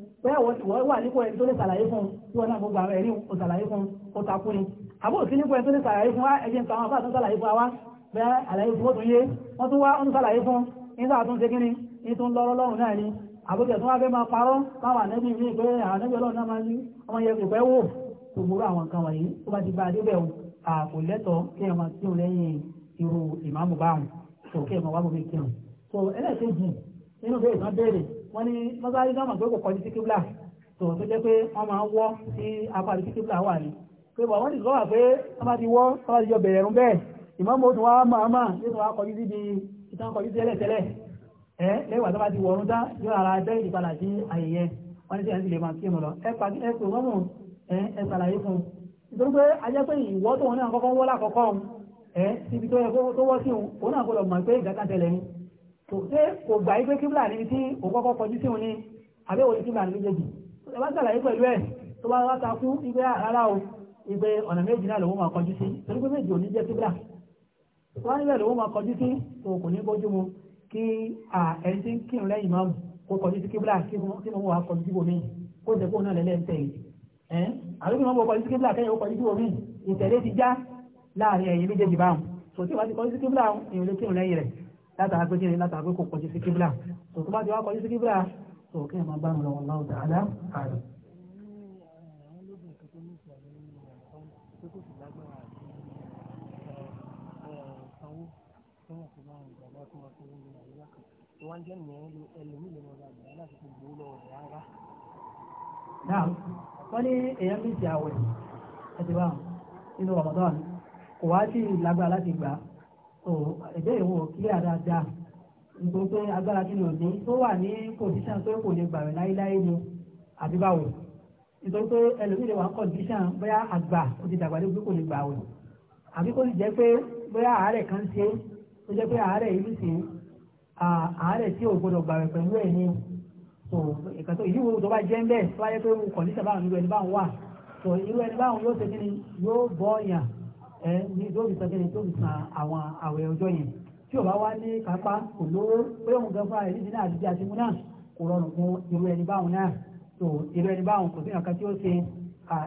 bẹ́ẹ̀ wọ́n wà nípò ẹni tó lè ṣàlàyé fún tí wọ́n náà gbogbo àwọn ẹ̀rí ò ṣàlàyé fún ó takú ni àbó òsì nípò ẹni tó lè ṣàlàyé fún ẹjẹ́ ń pa àwọn afáàtún ṣàlàyé fún wa bẹ́ẹ̀ àlàyé tí wọ́n tún yé wọ́n tún wá ń ṣàlàyé fún nígbà tó ń ṣe kíni ní tó ń lọ́rọ́ lọ́rùn náà ni àbókẹ́ tó wá fẹ́ máa parọ́ káwà nẹ́bí mi pé àwọn nẹ́bí ọlọ́run náà máa ń ọmọ yẹ kò pẹ́ wò tó múrú àwọn nǹkan wọ̀nyí tó bá ti bá a débẹ̀ àpò lẹ́tọ̀ọ́ kí ẹ máa kírun lẹ́yìn irú ìmáàmù báwọn tó kí ẹ máa wá bóbi kírun. tó ẹlẹ́ẹ̀kejì nínú bẹ́ẹ̀ tán béèrè wọ́n ní mọ́sálásí náà mọ̀ pé kò kọjú sí kíbla tó tó jẹ́ pé wọ́n máa ń wọ́ sí apá àti kíbla wà ní pé bọ̀ wọ́n ti sọ́wà pé wọ́n bá ti wọ́ wọ́n bá ti yọ bẹ̀rẹ̀ rún bẹ́ẹ̀ ìmọ̀mọ́ oṣù wa máa máa yóò wá kọjú síbi ìtàn kọjú tẹ́lẹ̀ tẹ́lẹ̀ ẹ lẹ́wà tó bá ti wọ̀rún dá yóò ara ẹgbẹ́ ìdìpadà sí ayẹyẹ wọ́n ní sí ẹ̀sìn lè máa kí mọ̀ lọ ẹ pa ẹ pè wọ́n mọ̀ ẹ ẹ ṣàlàyé fún un nítorí pé ajẹ́ pé ìwọ́ tó wọn náà kọ́kọ́ wọ́ lákọ̀ọ́kọ́ ẹ síbi kò pé kò gbà yí pé kíbla tí òun kọ́kọ́ kọjú sí òun ni àbẹ́ òun ni kíbla níbi méjèèjì ẹ bá sàlàyé pẹ̀lú ẹ̀ tó bá wá takú ìgbé rárá o ìgbé ọ̀nà méjì náà lòun máa kọjú sí torí pé méjì ò ní jẹ́ kíbla wọ́n níbẹ̀ lòun máa kọjú sí tó kò ní bójú mu kí ẹni tí ń kírun lẹ́yìn máa mú kó kọjú sí kíbla kí mo wà kọjú sí bòmí kó jẹ́ kóun náà lẹ́lẹ́ ń tẹ̀lé ẹ̀ àbíkí wọ́n bọ̀ kọjú sí kíbla kẹ́yìn ó kọjú sí bòmí ìtẹ̀lé ti já láàrin ẹ̀yìn méjèèjì báwọn sòtí látara pé kíni látara pé kò kọjú sí kíbla tó tó bá ti wá kọjú sí kíbla tó kí ẹ máa bá mi lọ wọn láwùjọ àdá àrùn. wọ́n jẹ́ nìyẹn ló ẹlòmí lè mọ̀ láti bá láti fi gbowó lọ́wọ́ rẹ̀ rárá. náà wọ́n ní èèyàn méjì àwẹ̀ ẹ̀ ti bá wọn nínú Ramadan kò wá sí ìlágbára láti gbà á so ẹ̀jẹ̀ ìwò kílíà dáadáa nítorí pé agbára kí ni òní tó wà ní pòsíṣàn tó kò lè gbàwẹ̀ láéláé ni àbí báwo nítorí pé ẹlòmíì lè wà ń kọ̀ǹdíṣàn bóyá àgbà ó ti dàgbà lóbi kò lè gbàwẹ̀ àbí kó sì jẹ́ pé bóyá àárẹ̀ kan ṣe tó jẹ́ pé àárẹ̀ ìlú sí àárẹ̀ tí ò gbọdọ̀ gbàwẹ̀ pẹ̀lú ẹ̀ ni so ìkan tó ìyíwò tó bá jẹ́ ń bẹ́ẹ̀ tó wáyé pé kọ̀ǹdíṣàn báwọn irú ẹni báwọn wà so irú ẹni báwọn yóò ṣe kí ni yóò bọ́ yàn ẹ ní tó fi sọjọ́ yẹn tó fi san àwọn àwẹ̀ ọjọ́ yẹn tí ò bá wá ní kápá kò lówó pé òun gan fúnra rẹ̀ nídìí náà àti bí a ti mú náà kò rọrùn fún irú ẹni báwọn náà tó irú ẹni báwọn kò sí nǹkan tí ó ṣe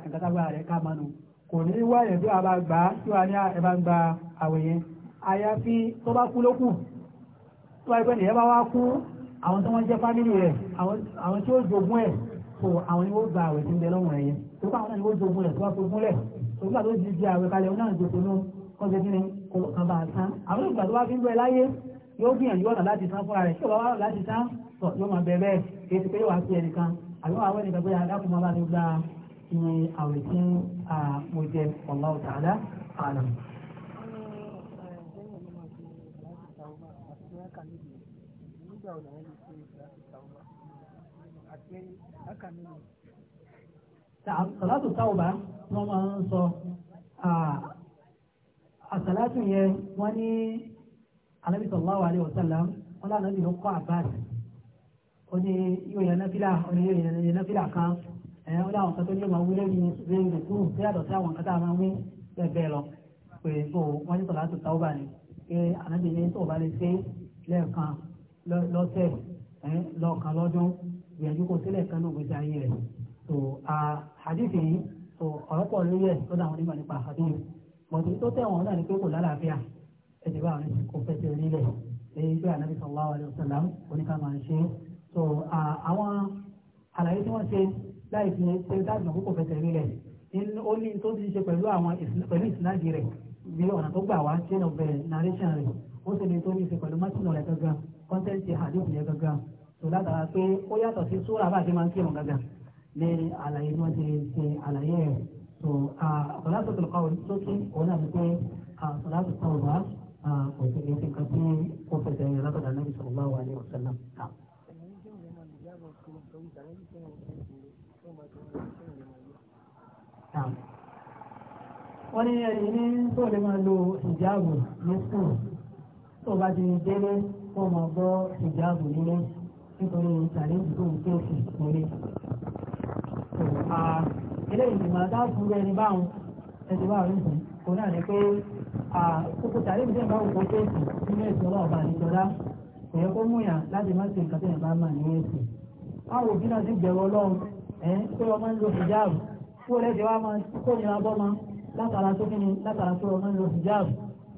nǹkan tágbà rẹ̀ ká mánu kò ní wá ẹ̀ bí a bá gbà á tí wàá ní ẹ bá ń gba àwẹ̀ yẹn àyàfi tó bá kú ló kù tó bá ẹgbẹ́ nìyẹn bá wá kú àwọn tó wọ́n jẹ́ fámìlì rẹ̀ àwọn tí ó jogún ẹ̀ tó àwọn ni ó gba àwẹ̀ tí ń bẹ lọ́wọ́ rẹ̀ yẹn tó bá àwọn náà ni ó jogún rẹ̀ tó bá fi gúnlẹ̀ nígbà tó di di àwẹ̀ kalẹ̀ náà jòkó náà kọ́ ṣe kíni kan bá tán àwọn ìgbà tó wá fi ń bẹ láyé yóò gbìyànjú ọ̀nà láti tán fúnra rẹ̀ tí ọba wà láti tán sọ yóò máa bẹ bẹ́ẹ̀ kí ti pé yóò wá sí ẹnìkan àbí wàá wẹ́nìkan pé adákùn máa bá mi gba iye àwẹ̀ tí mo jẹ Allahu ta'ala a'lam. Sàlátù táwọn bá tí wọ́n máa ń sọ àsàlátù yẹn wọ́n ní alábi sallallahu alaihi wasallam wọ́n lànà bí wọ́n kọ́ Abbas ó ní yóò yẹn náfìlà ó ní yóò yẹn náfìlà kan ẹ̀ ó láwọn kan tó ní ọmọ wílé ní lórí ìdòkú tí yàtọ̀ sí àwọn kan tá a máa wí bẹ́ẹ̀ bẹ́ẹ̀ lọ pé kó wọ́n ní sàlátù tàwùbà ni pé alábi yẹn tó bá lè ṣe lẹ́ẹ̀kan lọ́sẹ̀ lọ́ọ̀kan lọ́dún ìyàjú kò sílẹ̀ kan ní ògbésí ayé rẹ̀ tó a hadith yìí tó ọ̀rọ̀ pọ̀ lórí ẹ̀ lọ́dọ̀ àwọn onímọ̀ nípa àfàdé rẹ̀ bọ̀dé tó tẹ̀wọ̀n náà ni pé kò lálàáfíà ẹ̀dẹ̀ bá àwọn kò fẹsẹ̀ nílẹ̀ èyí pé ànábì sallallahu alaihi wasallam oníkà máa ń ṣe tó àwọn àlàyé tí wọ́n ṣe láì fi ṣe dáàbò kó kò fẹsẹ̀ nílẹ̀ ó ní tó ti ṣe pẹ̀lú àwọn pẹ̀lú ìsìnláàdì rẹ̀ bí ọ̀nà tó gbà wá ṣe lọ bẹ̀rẹ̀ narration rẹ̀ ó sì ní tó ní ṣe pẹ̀lú mátìnù rẹ̀ gangan kọ́ńtẹ́ǹtì àdéhùn yẹn gangan tó látara pé ó yàtọ̀ sí súrà bá a ṣe máa ń kírun gangan ní àlàyé bí wọ́n ti ṣe àlàyé ẹ̀ tó ọ̀làtò tó kọ́ orí sókè òun náà ni pé ọ̀làtò tó wà kò sí ẹ̀sìn kan tí ó fẹsẹ̀ yẹn látọ̀dá náà sallallahu alaihi wasallam. wọ́n ní ẹni ní tó lè máa lo ìjáàbù ní sùn tó bá ti délé wọ́n máa gbọ́ ìjáàbù nílé nítorí ìtàlẹ́jù tó ń pèsè eléyìí ìgbìmọ̀ dáàbùrú báwọn kò náà ní pé kókó tàbí kò tó èsì nínú ọlọ́ọ̀bà kò yẹ kó láti má ṣe nǹkan bá mà ní báwo náà ma látara tó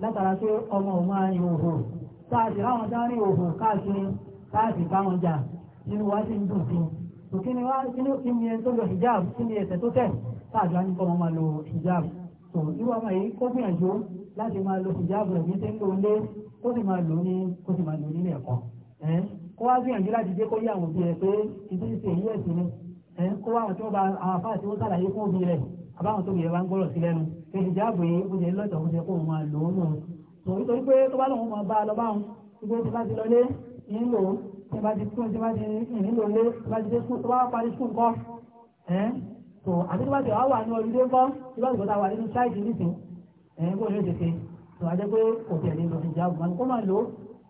látara pé ọmọ ń lo látara pé ọmọ máa tó kí ni wá kí ni ni eh, tó eh, lo hijab kí ni ẹsẹ̀ tó tẹ̀ káàdì wá ní hijab tó irú ọmọ yìí kó gbìyànjú láti máa hijab rẹ̀ bí ṣe ń lo ilé kó sì máa lò ní kó sì máa lò nílé ẹ̀kọ́ kó wá gbìyànjú láti jẹ́ kó yí àwọn òbí rẹ̀ ni kó wá àwọn tí wọ́n bá àwọn afáà tí wọ́n sàlàyé fún òbí rẹ̀ àbáwọn tóbi hijab yìí ó ṣe lọ́tọ̀ ó ṣe kó máa lò ó nù nítorí pé tó bá lòun máa bá a lọ tí bá ti tún tí bá ti nílò ilé tí bá ti dé sùn tó bá parí sùn kọ́ ẹ́ tó àti tí bá ti wà ní ọdún dé kọ́ tí bá ti kọ́ta wà nínú sáìtì nìsín ẹ̀ kó lè tètè tó a jẹ́ pé kò tẹ̀lé lọ sí ìjáàbù máa ń kó máa lò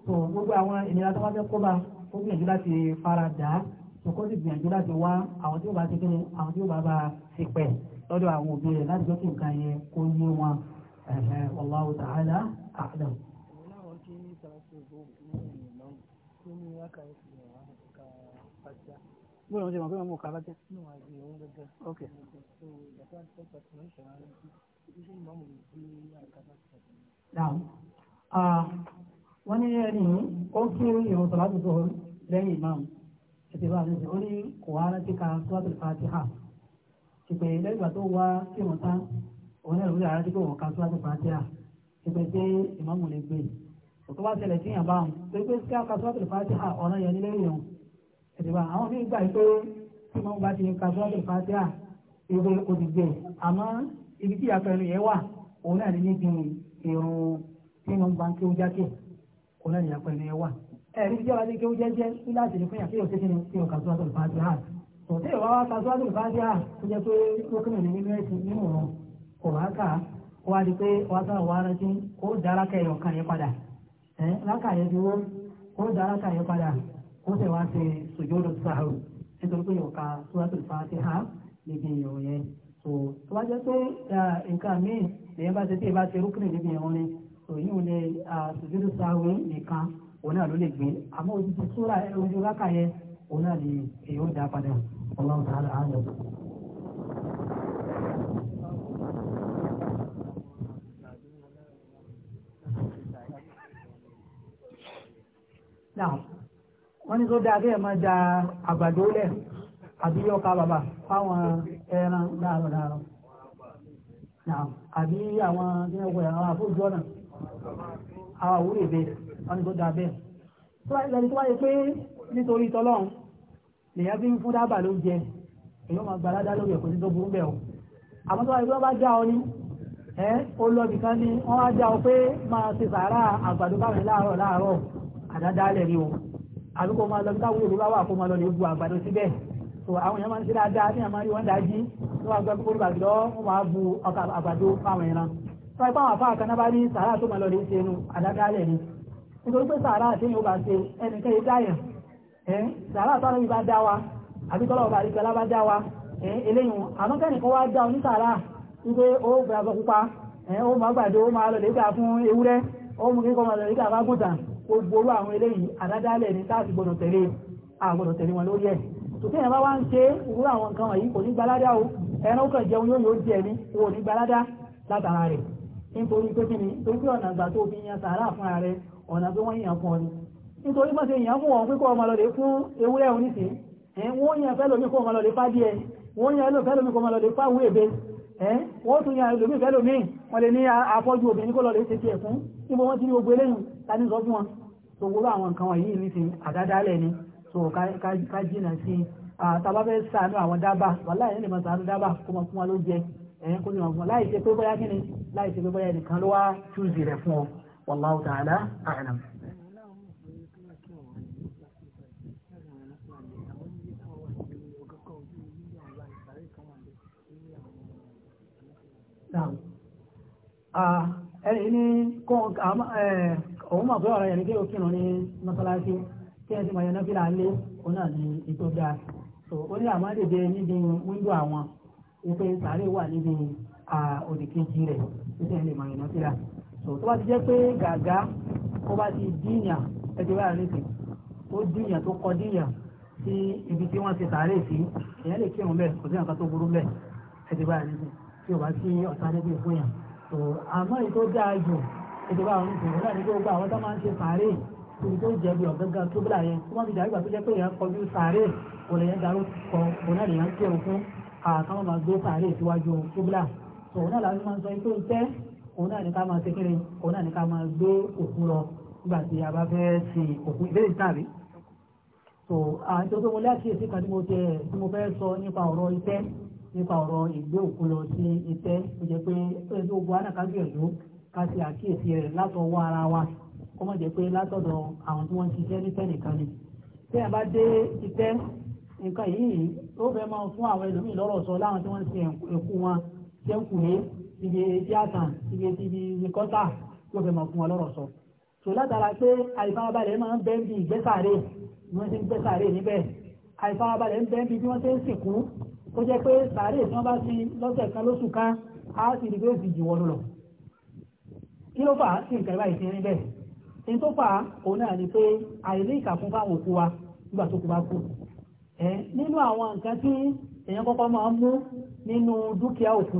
tó gbogbo àwọn ìnira tó bá fẹ́ kó bá ó gbìyànjú láti fara dà á tó kó sì gbìyànjú láti wá àwọn tí ó bá ti kí ni àwọn tí ó bá bá ti pẹ̀ lọ́dọ̀ àwọn òbí rẹ̀ láti jọ́ kí nǹkan yẹn kó yé wọn wallahu ta'ala a'lam bóyá wọn ṣe mọ̀ pé wọn mú ká bájá. ok. wọ́n ní ẹni ó kí ìrùn sọ̀láàtì tó lẹ́yìn imam ẹ̀sìn bá àdéhùn ó ní kò wá rántí ka sọ́ọ̀tì fàtíhà ṣùgbọ́n lẹ́yìn ìgbà tó wá kí wọ́n tán òun náà lórí àrántí pé wọ́n ka sọ́ọ̀tì fàtíhà ṣùgbọ́n pé ìmáàmù lè gbé yìí òtún wá ṣẹlẹ̀ sí yàn báwọn torí pé sí akásọ́tò fàtíà ọ̀nà yẹn nílé yàn ẹ̀dìbà àwọn mí gbà pé tí wọ́n bá ti kásọ́tò fàtíà ìwé òdìgbè àmọ́ ibi tí ìyàtọ̀ ẹnu yẹn wà òun náà ní níbi ìrùn tí wọ́n gbà ń kí ó jákè òun náà ní ìyàtọ̀ ẹnu yẹn wà. ẹ̀rí tí wọ́n ti kí ó jẹ́jẹ́ ní láti ní fúnyà kí yóò tẹ́kí ni kí yóò kásọ́tò fàtíà tòtí ìwà wa kásọ́tò fàtíà tó jẹ́ pé lókùnrin ó ẹ̀ rákàyẹ dúró kó dá rákàyẹ padà kó sì wá ṣe sùjúdù sahwi nítorí pé yóò ka suratul fatiha níbi ìrùn yẹn tó tó nǹkan míì lèyìn bá ṣe tí ìbá ṣe rúkìrì níbi ni òyìn ò lè nìkan òun náà ló lè gbé àmọ́ ti ojú òun náà lè èyí ó padà ọlọ́run náà wọ́n ní tó dáa kí ẹ máa da àgbàdo lẹ̀ àbí ọkà bàbà fáwọn ẹran láàárọ̀ láàárọ̀ náà àbí àwọn tí wọ́n wọ̀nyí àwọn àfóòjú ọ̀nà àwọn àwúrò ìbẹ́ wọ́n ní tó dáa bẹ́ẹ̀. tó wáyé lẹ́ni tó wáyé pé nítorí tọ́lọ́run lèyàn fi ń fún dábà ló jẹ èyí ó máa gba aládá lórí ẹ̀kọ́ tí tó burú bẹ́ẹ̀ o àmọ́ tó wáyé pé wọ́n bá já ọ ní ẹ́ ó lọ bìkan ní wọ́n wá já ọ pé máa ṣe sàárà àgbàdo báwọn láàárọ̀ láàárọ̀ àdádálẹ̀ ni o àbí kò máa lọ bí táwọn Yorùbá wà kó máa lọ lè bu àgbàdo síbẹ̀ so àwọn èèyàn máa ń ṣe dáadáa ní àmọ́ ìwọ́n dájí ní wọ́n gbẹ́ kúrò bàgbẹ́ lọ́wọ́ wọ́n máa bu ọkà àgbàdo fáwọn ẹran tó ẹgbẹ́ àwọn afáà kan náà bá ní sàárà tó máa lọ lè ṣe nu àdádálẹ̀ ni nítorí pé sàárà tí yóò bá ṣe ẹnikẹ́ni dáyàn ẹ̀ sàárà tó ọlọ́bí bá dá wa àbí tọ́lọ́ bá rígbẹ́ lábá dá wa ẹ̀ eléyìn àmọ́ kẹ́nìkan wá dá oní sàárà wípé ó gbẹ́ pupa ẹ̀ ó máa gbàdo ó máa lọ lè gbà fún ewúrẹ́ ó mú kíkọ́ máa lọ lè gbà fágùntàn gbogbo orú àwọn eléyìí àdádálẹ̀ ní táàsì gbọdọ̀ tẹ̀lé àgbọdọ̀ tẹ̀lé wọn lórí ẹ̀ tòkè yẹn bá wá ń ṣe irú àwọn nǹkan wọ̀nyí kò ní gbalada o ẹran ó jẹun yóò yóò jẹ ní owó ní gbalada látara rẹ̀ nítorí pé kí ni torí pé ọ̀nà ìgbà tó fi yan sàárà fún ààrẹ ọ̀nà tó wọ́n yàn fún ọ ni nítorí pé ṣe yàn fún wọn pé kó ọmọ lọ́dẹ fún ewúrẹ́ òun nísìn wọ́n yàn fẹ́ lómi kó ọmọ lọ́dẹ fádìẹ wọ́n yàn fẹ́ lómi kó ọmọ lọ́dẹ fáwọ́ èbe wọ́n tún yàn lómi fẹ́ lómi wọ́n lè ní afọ́jú obìnrin kó lọ́dẹ ṣe tiẹ̀ fún níbo wọ́n ti ní gbogbo eléyìí tani sọ fún wọn so gbogbo àwọn nǹkan wọ̀nyí nísìnyí àdádálẹ̀ ni so ká jìnà sí tàbá fẹ́ sànú àwọn dábà wàláhì ẹni mọ̀ sànú dábà kó mọ̀ fún wọn ló jẹ ẹ̀yìn kó yàn fún láì ṣe pé bóyá kí ni láì ṣe pé bóyá ẹnìkan ló wá túùzì rẹ̀ fún ọ wallahu ta'ala a'lam ẹni ní kọ́ òun mọ̀ pé ọ̀rọ̀ yẹn ní pé ó kírun ní mọ́sálásí tí ẹ ti mọ̀ yẹn náà fílà lé òun náà ní ètò dáa so ó ní àmọ́ dèdè níbi wíńdò àwọn wípé sàárè wà níbi òdìkejì rẹ̀ wípé ẹ lè mọ̀ yẹn náà fílà so tó bá ti jẹ́ pé gàgá ó bá ti díyàn ẹgbẹ́ wà nìkan ó díyàn tó kọ díyàn sí ibi tí wọ́n ti sàárè sí èèyàn lè kírun bẹ́ẹ̀ kò sí nǹkan tó burú bẹ́ẹ̀ ẹgbẹ́ wà nìkan tí ò bá sí ọ̀tá so àmọ́ ètò dáa jù ìjọba àwọn ìṣòro náà ní kí gbogbo àwọn tó máa ń ṣe sàárè ibi tó jẹbi ọ̀gángan tó bílà yẹn tó máa fi dàgbà tó jẹ́ pé èèyàn kọjú sàárè kò lè yẹn darú kọ kò náà lè yẹn kírun fún àkàwọn máa gbé sàárè síwájú tó bílà tó òun náà láti máa ń sọ pé tẹ́ òun náà ní ká máa ṣe kí ni òun náà ní ká máa gbé òkú lọ nígbà tí a bá fẹ́ ṣe òkú ìbéèrè tàbí so àjọ pé mo lákìyèsí kan tí mo tẹ tí mo fẹ́ sọ nípa ọ̀rọ̀ itẹ́ nípa ọ̀rọ̀ ìgbé òkú lọ sí itẹ́ ó jẹ́ pé ó yẹ kí gbogbo anákàgbé ẹ̀dọ́ ká ṣe àkíyèsí rẹ̀ látọwọ́ ara wa kó má jẹ́ pé látọ̀dọ̀ àwọn tí wọ́n ń ṣiṣẹ́ ní tẹ́nìkan ni tí a bá dé iṣẹ́ nǹkan yìí ó fẹ́ máa fún àwọn ẹlòmíì lọ́rọ̀ sọ láwọn tí wọ́n ń ṣe ẹ̀kú wọn ṣe ń kù ní ibi tíátà ibi ibi rìkọ́tà yóò fẹ́ máa fún wọn lọ́rọ̀ sọ tò látara pé àìfarabalẹ̀ máa ń bẹ́ẹ̀ bí ìgbésàrè ni wọ́n ti ń gbésàrè níbẹ̀ àìfarabalẹ̀ ń bẹ́ẹ̀ bí bí wọ́n ti ń sìnkú ó jẹ́ pé sàárè tí wọ́n bá ti lọ́sẹ̀ kan lóṣù kan á sì rí pé ó fi jìwọ́ lọ kí ló fà á sí nǹkan ìbáyìí ti rí bẹ́ẹ̀ ní tó fà á òun náà ni pé àìlé ìkàkùn fáwọn òkú wa nígbà tó kú bá kú ẹ nínú àwọn nǹkan tí èèyàn kọ́kọ́ máa ń mú nínú dúkìá òkú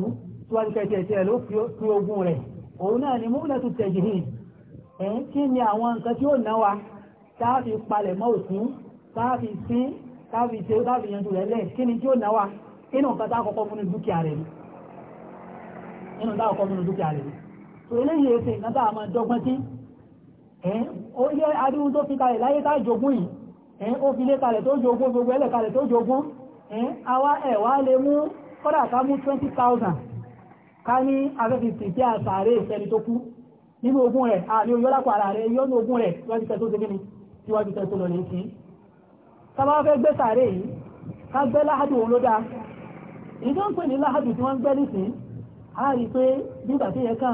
tíwájú kẹ̀kẹ́ tiẹ̀ ló fi ogún rẹ̀ òun náà ni múlẹ̀ tó tẹ̀jì hìn ẹ̀ kí ni àwọn nǹkan tí ó ná wa táàfi palẹ̀ mọ́ òkú táàfi sí táàfi ṣe táàfi yanjú rẹ̀ lẹ̀ kí ni tí ó ná wa inú nǹkan tá àkọ́kọ́ múnú dúkìá rẹ̀ dúkìá rẹ̀ tó eléyìí èsè ìgbàtà àmà dọ́gbọ́n tí ó yẹ adúrú tó fi kalẹ̀ láyé tá jogún yìí ó fi lé kalẹ̀ tó jogún gbogbo ẹlẹ̀ kalẹ̀ tó jogún àwa ẹ̀wà lè mú kọ́dà ká 20,000 ká ní afẹ́fì sì kí àsàárè ìfẹ́ni tó kú nínú ogún rẹ̀ àmì òyọ́lápọ̀ ara rẹ̀ yọ́nú ogún rẹ̀ síwájú tẹ́ tó ṣe kíni síwájú tẹ́ tó lọ lè sí sábà fẹ́ gbé sàárè yìí ká gbẹ́ láhádù òun ló dáa ìjọ ń pè ní láhádù tí wọ́n ń gbẹ́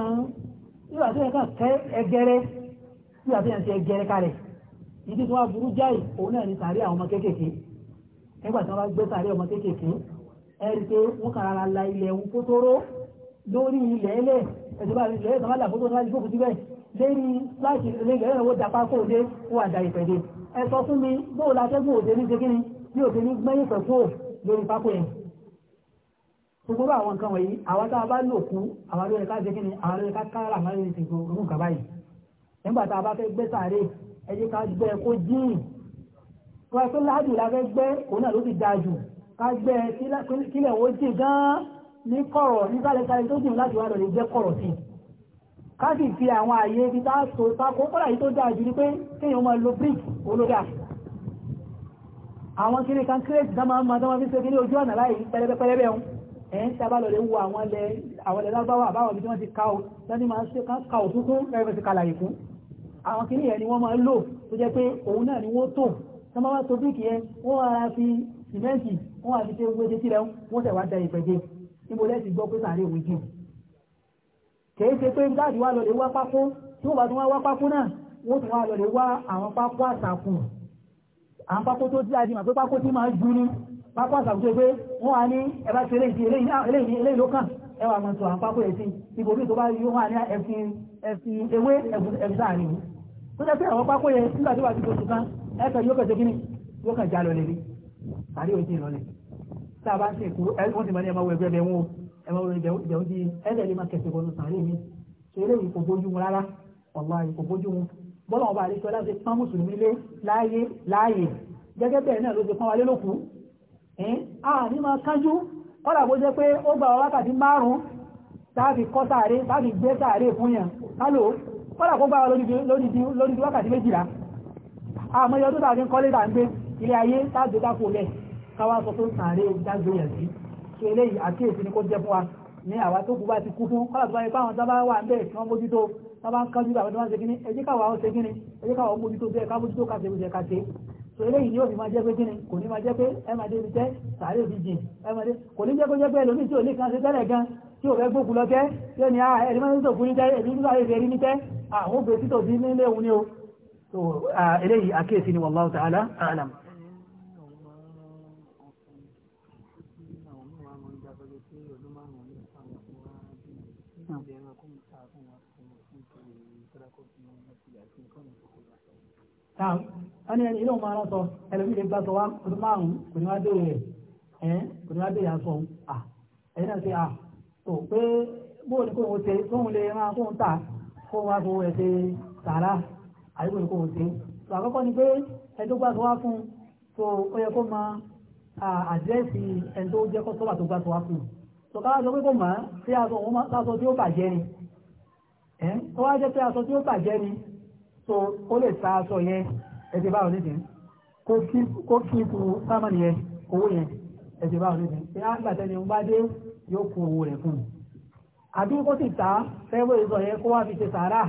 nígbà tí wọ́n kàn kẹ́ ẹgẹrẹ nígbà tí wọ́n ti ẹgẹrẹ kalẹ̀ ìdí tó wá burú jáì òun náà ní sàárì àwọn ọmọ kéékèèké nígbà tí wọ́n bá gbé sàárì ọmọ kéékèèké ẹ̀rí pé wọ́n kàn rárá la ilẹ̀ ń kótóró lórí ilẹ̀ ẹlẹ̀ ẹ̀sùn bá ilẹ̀ ẹ̀sùn aláàbò tó náà jókòó síbẹ̀ lérí láti ilẹ̀ ẹ̀rọ wo dapá kó òde kó àdá ìpẹ̀dé ẹ sọ fún mi bóòlù atẹ́gùn òde ní ṣe kí ni bí òde ní gbẹ́yìn pẹ̀ fún gbogbo àwọn nǹkan wọ̀nyí àwọn tá a bá lò kú àwọn lórí ká jẹ́ kí ni àwọn lórí ká kára àwọn lórí ti gbogbo nǹkan báyìí nígbà tá a bá fẹ́ gbé sàárè ẹ jẹ́ ká gbé e kó jìn wọ́n pé láàjù la fẹ́ gbé òun náà ló ti da jù ká gbé e kílẹ̀ wo jìn gan-an ní kọ̀rọ̀ ní sálẹ̀sálẹ̀ tó jìn láti wá lọ lè jẹ́ kọ̀rọ̀ sí i ká sì fi àwọn àyè ibi tá a so tako kọ́lá yìí tó da jù ni pé kéèyàn máa lo brick olódà àwọn kiri kan kírètì tá máa ń ma tó máa fi ṣe kiri ojú ọ̀nà láì pẹlẹbẹ pẹlẹbẹ ọ̀hún ẹ̀yìn tí a bá lọ lè wo àwọn ilẹ̀ lábáwà àbáwọn ibi tí wọ́n ti ká o lọ́ní máa ń ṣe ká o tuntun ẹgbẹ́ ti kalàyè fún àwọn kìíní yẹn ni wọ́n máa ń lò tó jẹ́ pé òun náà ni wọ́n tò tó máa wá tó bíkì yẹn wọ́n ara fi sìmẹ́ǹtì wọ́n àti ṣe wéje sílẹ̀ wọ́n tẹ̀ wá da ìpẹ̀jẹ́ níbo lẹ́sì gbọ́ pé sàárè òun jù kìí ṣe pé gáàdì wá lọ lè wá pákó tí wọ́n bá tún wá wá pákó náà wọ́n tún wá lọ lè wá àwọn pápá àṣàkóso pé wọ́n á ní ẹ̀bá ti eré ìdí ah, eléyìí ló kàn ẹwà àwọn ètò àpapọ̀ èsì ibò bí tó bá yíó wọ́n á ní ẹ̀fin ewé ẹ̀fin sáàrin yìí tó jẹ́ pé àwọn pápọ̀ yẹn nígbà tó wà sí oṣù kan ẹ̀ka yóò kẹ̀ṣe kíní yóò kàn já lọ lè rí tàbí òjì ìrọ̀lẹ̀ tá a bá ń ṣe èkó wọ́n ti mọ̀ ní ẹ̀ma wo ẹgbẹ́ bẹ̀ wọn o ẹ̀ma wo ìjẹun di ẹ̀dẹ̀ lè máa kẹ̀ṣẹ̀ bọ́nu sàárẹ̀ mi ṣe eléyìí kò bójú mu rárá ọ̀la kò bójú mu bọ́lá wọn bá àlejò aláṣẹ pán mùsùlùmí lé láàyè láàyè gẹ́gẹ́ bẹ́ẹ̀ náà ló ti pán wa lé lókùú ààrí máa kánjú kọ́lá bó jẹ́ pé ó gbà wákàtí márùn-ún tàbí kọ́ sáré tàbí gbé sáré fún yàn hálò kọ́lá kó gbà lórí wákàtí méjìlá àmọ́yọ tó tàbí kọ́lé tà ń gbé ilé ayé tàbí dákò lẹ̀ káwá sọ tó sáré dájú yàn sí ṣe eléyìí àkíyèsí ni kó jẹ́ fún wa ní àwa tó kú bá ti kú fún kọ́lá tó bá yẹ fáwọn tábá wà ń bẹ̀ tí wọ́n mójútó tábá ń kájú àwọn tó bá ń ṣe kíní ẹjẹ́ káwà ó ṣe kíní ẹjẹ́ káwà ó mójútó bẹ́ẹ̀ ká mójútó ká ṣe bó eléyìí yóò fi máa jẹ́ pé kíni kò ní máa jẹ́ pé ẹ máa dé ibi tẹ́ sàárè òbí jìn ẹ máa dé kò ní jẹ́ kó jẹ́ pé ẹlòmíì tí ò lè kan ṣe tẹ́lẹ̀ gan tí ò fẹ́ gbókù lọ tẹ́ tí ó ní à ah, ẹni máa ń sòkú ní tẹ́ ẹni nígbà rẹ̀ rí ní tẹ́ àwọn obìnrin títò sí nílé òun ni o eléyìí àkíyèsí ni wallahu ta'ala a'lam Now, wọ́n ní ẹni ilé òun máa rán sọ ẹlòmíì lè gbà sọ wá ọdún márùn-ún kò ní wá dé rẹ̀ ẹ̀ kò ní wá dé ìyá sọ à ẹ̀yin náà ṣe à tó pé bóun ni kò wọ́n ṣe tóun lè máa kóun tà kó wá fowó ẹ̀ ṣe tààrà àyíkò ni kò wọ́n ṣe tó àkọ́kọ́ ni pé ẹni tó gbà sọ wá fún tó ó yẹ kó máa àdírẹ́sì ẹni tó jẹ́ kọ́sọ́bà tó gbà sọ wá fún tó ká sọ pé kò mọ̀ sí aṣọ tí ó bàjẹ́ ni ẹ̀ tó wá jẹ́ pé aṣọ tí ó bàjẹ́ ni tó ó lè ta aṣọ yẹn ẹ̀sẹ̀ báwo nísìn kó kí ipò sámánì yẹn owó yẹn ẹ̀sẹ̀ báwo nísìn pé ágbà tẹ́ni ń bá dé yóò kó owó rẹ̀ fún un àbí kó sì ta fẹ́ẹ́bù ìsọ̀ yẹn kó wá fi ṣe sàárà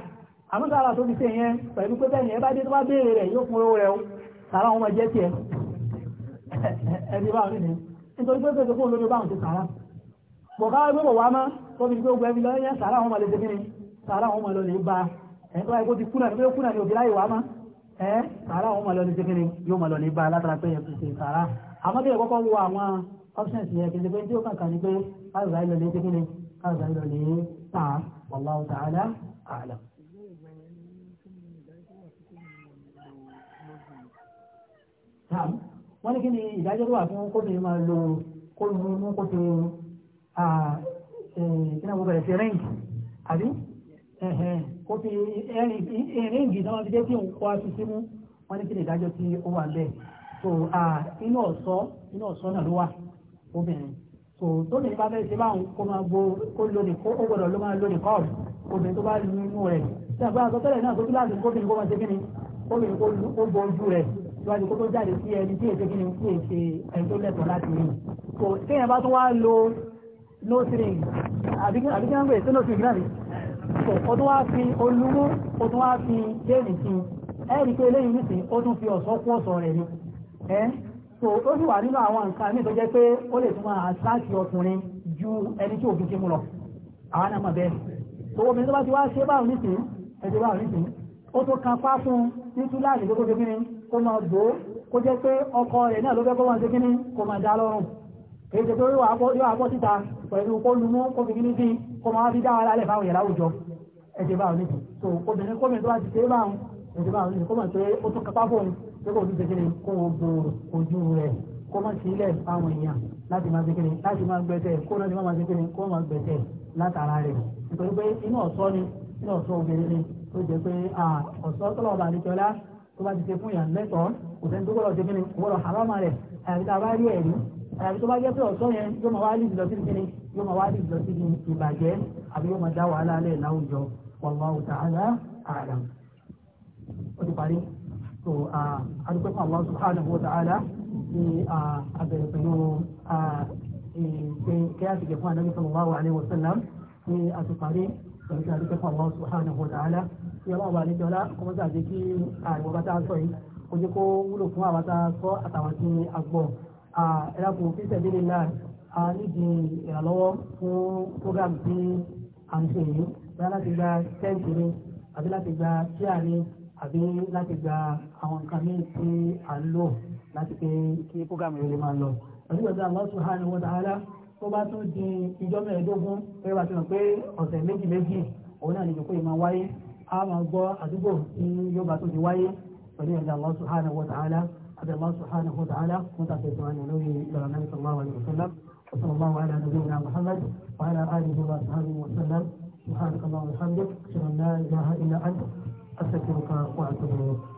àmú sàárà tó fi ṣe yẹn pẹ̀lú pé bẹ́ẹ̀ ni ẹ bá dé tó bá béèrè rẹ̀ yóò kún owó rẹ̀ o sàárà wọn máa jẹ́ tiẹ̀ ẹ̀sẹ̀ báwo nísìn nítorí pé pèsè kó lóde báwọn ṣe sàárà bọ̀ká gbogbo wa mọ́ tó fi gbogbo ẹbí lọ́yẹ́ sàárà wọn máa lè ṣe ẹ́ sàárà wọn máa lọ ní sékèrè yóò máa lọ ní bá látara pé ẹ̀kú ṣe sàárà àmọ́ bí ẹ̀kọ́kọ́ wo àwọn options yẹn kì í ṣe pé tí ó kàn kàn ní pé káàdùrà ìlọ ní sékèrè káàdùrà ìlọ ní sàn wallahu ta'ala a'lam. wọ́n ní kí ni ìdájọ́ tó wà fún kóbìnrin máa lo kó lu mú kó ti kí náà mo bẹ̀rẹ̀ sí rẹ́ǹkì àbí kó fi ríǹgì náà ti dé kí n kó aṣọ sí mú wọ́n ní kí ni ìdájọ́ tí ó wà bẹ́ẹ̀ so inú ọ̀ṣọ́ inú ọ̀ṣọ́ náà ló wà obìnrin so tóbìnrin bá fẹ́ẹ́ ṣe báwọn kó máa gbó kó lónìí kó ó gbọ́dọ̀ ló máa lónìí kọ́ọ̀bù obìnrin tó bá lu inú rẹ̀ tí àgbà àtọ́ tẹ́lẹ̀ náà tó bí láti kóbìnrin kó máa ṣe kíni kóbìnrin kó bo ojú rẹ̀ síwájú kó tó tí láti lo nose ring àbí kí wọ́n ń pè sí nose papọ̀ ó tún wá fi olúmú ó tún wá fi déèlì sí ẹ̀rí pé eléyìí nìsín ó tún fi ọ̀ṣọ́ kún ọ̀ṣọ́ rẹ̀ ni ẹ́ so ó sì wà nínú àwọn nǹkan ní tó jẹ́ pé ó lè tún máa sáàkì ọkùnrin ju ẹni tí òfin ti mú lọ so obìnrin tó bá ti wá ṣe báwọn nìsín ẹjọ́ báwọn nìsín ó tó kan pá fún ní túláàdì tó kó ṣe kíni kó máa bò ó kó jẹ́ pé ọkọ rẹ̀ náà ló fẹ́ kó máa èyí tó yóò àpọ̀ síta pẹ̀lú kó lumú kó fi kíní sí kó máa fi dá lálẹ̀ fáwọn yẹ̀láwùjọ ẹ̀jẹ̀ bá òní so obìnrin kọ́mẹ̀ tó bá ti ṣe bá òun ẹ̀jẹ̀ bá òní kọ́mẹ̀ tó ó tún kápá fóun tó kò ní ṣèkìrì kó o bo ojú rẹ̀ kó má sí ilẹ̀ fáwọn èèyàn láti máa ṣèkìrì láti máa gbẹ̀tẹ̀ kó láti máa ṣèkìrì kó máa gbẹ̀tẹ̀ látara rẹ̀ nítorí pé inú ọ̀ṣọ́ ni inú ọ̀ṣọ́ obìnrin ni ó jẹ́ pé ọ̀ṣọ́ tọ́lọ̀ ọba àdìjọlá tó bá ti ṣe fún ìyàn lẹ́tọ̀ọ́ kò sẹ́ni tó gbọ́dọ̀ ṣe kí ni gbọ́dọ̀ àbámọ̀ rẹ̀ àyàfi a bá rí àyàfi tó bá jẹ́ pé ọ̀sọ́ yẹn yóò máa wá lè lọ sí kíni yóò máa wá lè lọ sí ìbàjẹ́ àbí yóò máa dá wàhálà alẹ́ láwùjọ wallahu ta'ala a'lam. ó ti parí tó adúpẹ́ fún Allah subhanahu wa ta'ala ní abẹ̀rẹ̀ pẹ̀lú e, kẹ́yàtìkẹ́ fún anábì sallallahu alaihi wa sallam ní àtìparí pẹ̀lú kí adúpẹ́ fún Allah subhanahu wa ta'ala ní ọlọ́wọ́ àlejọ́lá kọ́mọ́sá àti kí àìwọ̀ bá tá a sọ yìí kò kó wúlò fún àwọn àtàwọn tí a gbọ́ ẹ̀rọ̀kùn fi sẹ̀dílé náà a nídi ìrànlọ́wọ́ fún program tí a ń ṣe yìí bá láti gba tẹ́ǹtì ni àbí láti gba chair ni àbí láti gba àwọn nǹkan míì tí a ń lò láti pé kí program yìí lè máa lọ. ọdún ìgbà Allah subhanahu wa ta'ala tó bá tún di ìjọ mẹ́ẹ̀ẹ́dógún pẹ̀lú àti hàn pé ọ̀sẹ̀ méjì méjì òun náà lè jẹ́ pé máa wáyé a máa gbọ́ àdúgbò tí yóò bá tún di wáyé pẹ̀lú ìgbà Allah subhanahu wa ta'ala أدعو الله سبحانه وتعالى متعسى سؤال نبي النبي صلى الله عليه وسلم وصلى الله على نبينا محمد وعلى آله وصحبه وسلم سبحانك اللهم وبحمدك أشهد أن لا إله إلا أنت أستغفرك وأتوب إليك